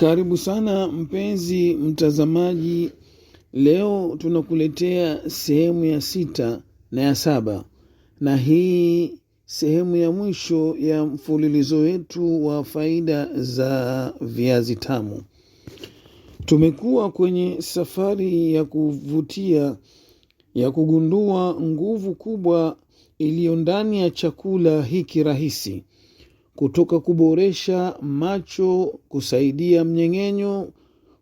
Karibu sana mpenzi mtazamaji, leo tunakuletea sehemu ya sita na ya saba, na hii sehemu ya mwisho ya mfululizo wetu wa faida za viazi tamu. Tumekuwa kwenye safari ya kuvutia ya kugundua nguvu kubwa iliyo ndani ya chakula hiki rahisi kutoka kuboresha macho, kusaidia mnyengenyo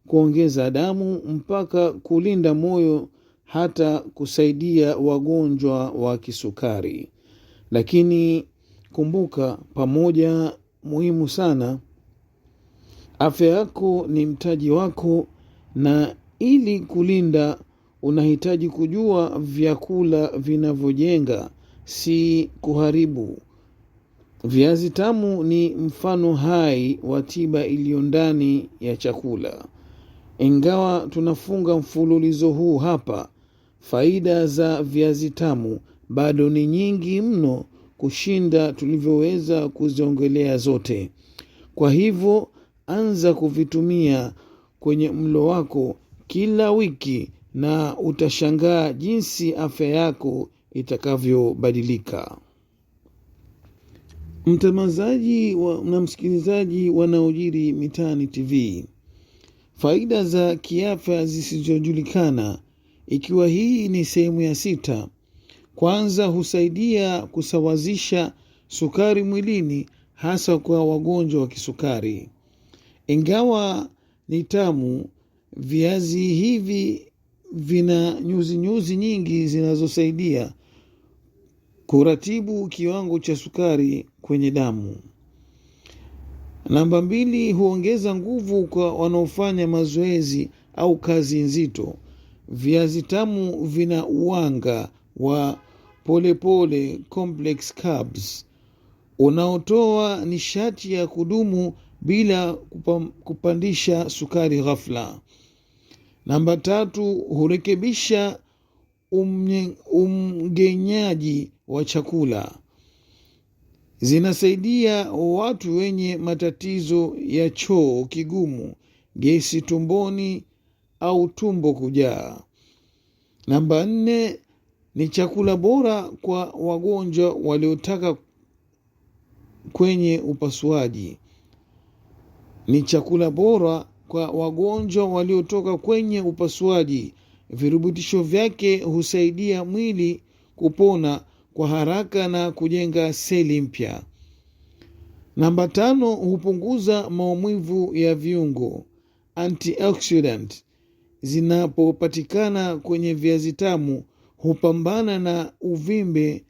kuongeza damu mpaka kulinda moyo, hata kusaidia wagonjwa wa kisukari. Lakini kumbuka, pamoja muhimu sana, afya yako ni mtaji wako, na ili kulinda unahitaji kujua vyakula vinavyojenga, si kuharibu. Viazi tamu ni mfano hai wa tiba iliyo ndani ya chakula. Ingawa tunafunga mfululizo huu hapa, faida za viazi tamu bado ni nyingi mno kushinda tulivyoweza kuziongelea zote. Kwa hivyo, anza kuvitumia kwenye mlo wako kila wiki na utashangaa jinsi afya yako itakavyobadilika. Mtazamaji na msikilizaji wanaojiri mitaani TV. Faida za kiafya zisizojulikana, ikiwa hii ni sehemu ya sita. Kwanza, husaidia kusawazisha sukari mwilini, hasa kwa wagonjwa wa kisukari. Ingawa ni tamu, viazi hivi vina nyuzinyuzi nyuzi nyingi zinazosaidia kuratibu kiwango cha sukari kwenye damu. Namba mbili, huongeza nguvu kwa wanaofanya mazoezi au kazi nzito. Viazi tamu vina uwanga wa polepole pole, complex carbs unaotoa nishati ya kudumu bila kupandisha sukari ghafla. Namba tatu, hurekebisha umgenyaji wa chakula. Zinasaidia watu wenye matatizo ya choo kigumu, gesi tumboni au tumbo kujaa. Namba nne ni chakula bora kwa wagonjwa waliotaka kwenye upasuaji. Ni chakula bora kwa wagonjwa waliotoka kwenye upasuaji. Virubutisho vyake husaidia mwili kupona kwa haraka na kujenga seli mpya. Namba tano, hupunguza maumivu ya viungo. Antioxidant zinapopatikana kwenye viazi tamu hupambana na uvimbe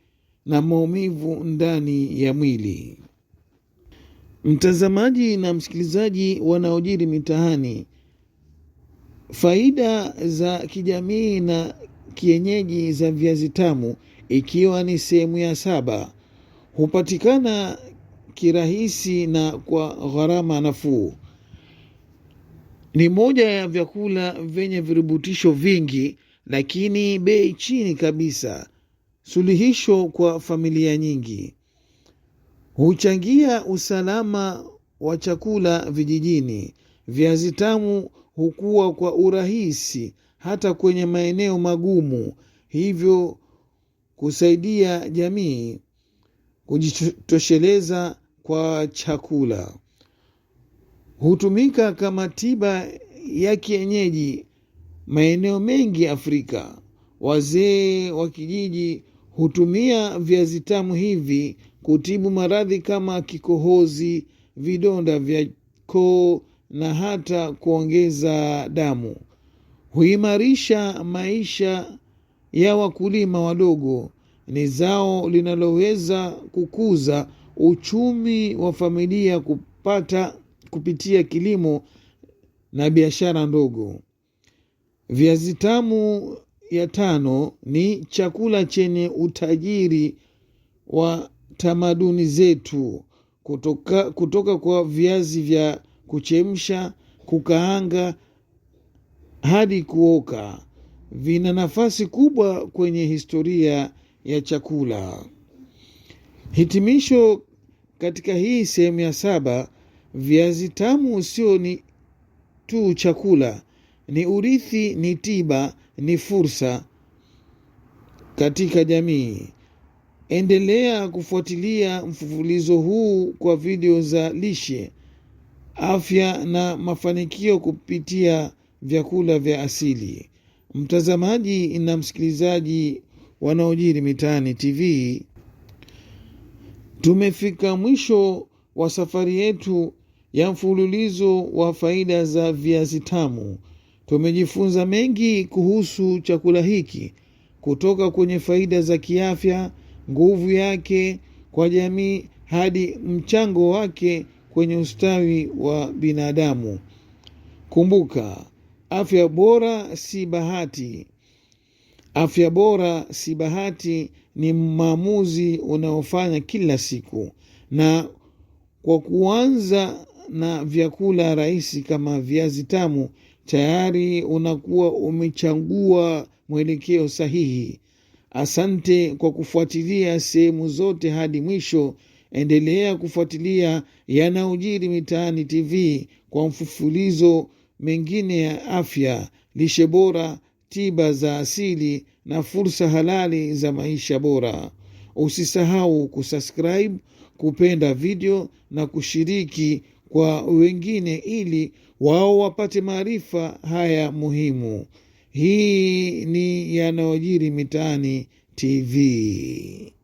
na maumivu ndani ya mwili. Mtazamaji na msikilizaji wanaojiri Mitaani, faida za kijamii na kienyeji za viazi tamu ikiwa ni sehemu ya saba, hupatikana kirahisi na kwa gharama nafuu. Ni moja ya vyakula vyenye virubutisho vingi, lakini bei chini kabisa. Suluhisho kwa familia nyingi. Huchangia usalama wa chakula vijijini. Viazi tamu hukuwa kwa urahisi hata kwenye maeneo magumu, hivyo kusaidia jamii kujitosheleza kwa chakula. Hutumika kama tiba ya kienyeji maeneo mengi Afrika. Wazee wa kijiji hutumia viazi tamu hivi kutibu maradhi kama kikohozi, vidonda vya koo na hata kuongeza damu. Huimarisha maisha ya wakulima wadogo ni zao linaloweza kukuza uchumi wa familia kupata kupitia kilimo na biashara ndogo. Viazi tamu ya tano ni chakula chenye utajiri wa tamaduni zetu kutoka, kutoka kwa viazi vya kuchemsha, kukaanga hadi kuoka vina nafasi kubwa kwenye historia ya chakula. Hitimisho katika hii sehemu ya saba, viazi tamu sio ni tu chakula, ni urithi, ni tiba, ni fursa katika jamii. Endelea kufuatilia mfululizo huu kwa video za lishe, afya na mafanikio kupitia vyakula vya asili. Mtazamaji na msikilizaji wanaojiri mitaani TV, tumefika mwisho wa safari yetu ya mfululizo wa faida za viazi tamu. Tumejifunza mengi kuhusu chakula hiki kutoka kwenye faida za kiafya, nguvu yake kwa jamii, hadi mchango wake kwenye ustawi wa binadamu. Kumbuka Afya bora si bahati. Afya bora si bahati, ni maamuzi unaofanya kila siku, na kwa kuanza na vyakula rahisi kama viazi tamu, tayari unakuwa umechangua mwelekeo sahihi. Asante kwa kufuatilia sehemu zote hadi mwisho. Endelea kufuatilia yanayojiri mitaani TV kwa mfufulizo mengine ya afya, lishe bora, tiba za asili na fursa halali za maisha bora. Usisahau kusubscribe, kupenda video na kushiriki kwa wengine ili wao wapate maarifa haya muhimu. Hii ni yanayojiri mitaani TV.